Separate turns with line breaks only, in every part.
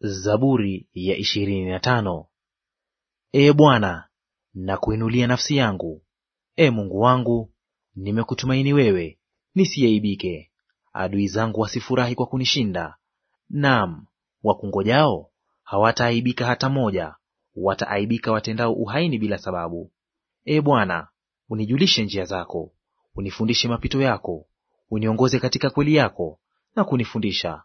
Zaburi ya ishirini na tano. Ee Bwana, nakuinulia nafsi yangu. Ee Mungu wangu, nimekutumaini wewe, nisiaibike. Adui zangu wasifurahi kwa kunishinda. Naam, wakungojao hawataaibika hata moja, wataaibika watendao uhaini bila sababu. Ee Bwana, unijulishe njia zako, unifundishe mapito yako, uniongoze katika kweli yako na kunifundisha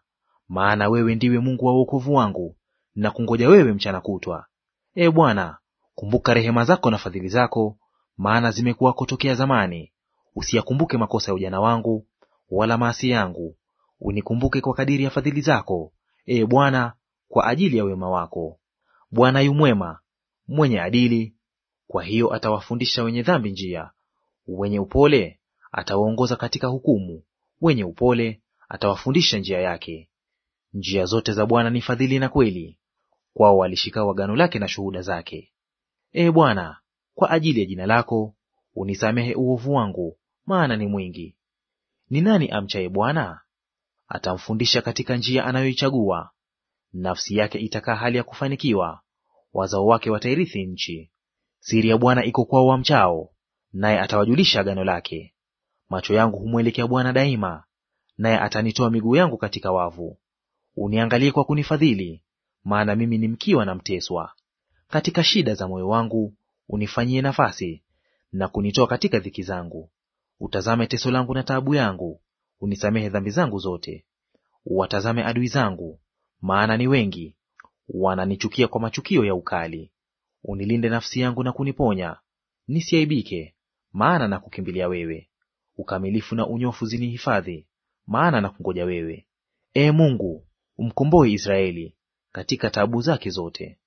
maana wewe ndiwe Mungu wa wokovu wangu, na kungoja wewe mchana kutwa. e Bwana, kumbuka rehema zako na fadhili zako, maana zimekuwako tokea zamani. Usiyakumbuke makosa ya ujana wangu, wala maasi yangu. Unikumbuke kwa kadiri ya fadhili zako, e Bwana, kwa ajili ya wema wako. Bwana yu mwema, mwenye adili, kwa hiyo atawafundisha wenye dhambi njia. Wenye upole atawaongoza katika hukumu, wenye upole atawafundisha njia yake. Njia zote za Bwana ni fadhili na kweli, kwao walishikao agano lake na shuhuda zake. Ee Bwana, kwa ajili ya jina lako unisamehe uovu wangu, maana ni mwingi. Ni nani amchaye Bwana? Atamfundisha katika njia anayoichagua. Nafsi yake itakaa hali ya kufanikiwa, wazao wake watairithi nchi. Siri ya Bwana iko kwao wamchao, naye atawajulisha agano lake. Macho yangu humwelekea Bwana daima, naye atanitoa miguu yangu katika wavu uniangalie kwa kunifadhili, maana mimi ni mkiwa na mteswa. Katika shida za moyo wangu unifanyie nafasi, na kunitoa katika dhiki zangu. Utazame teso langu na taabu yangu, unisamehe dhambi zangu zote. Uwatazame adui zangu, maana ni wengi, wananichukia kwa machukio ya ukali. Unilinde nafsi yangu na kuniponya, nisiaibike, maana na kukimbilia wewe. Ukamilifu na unyofu zinihifadhi, maana na kungoja wewe. Ee Mungu, umkomboe Israeli katika taabu zake zote.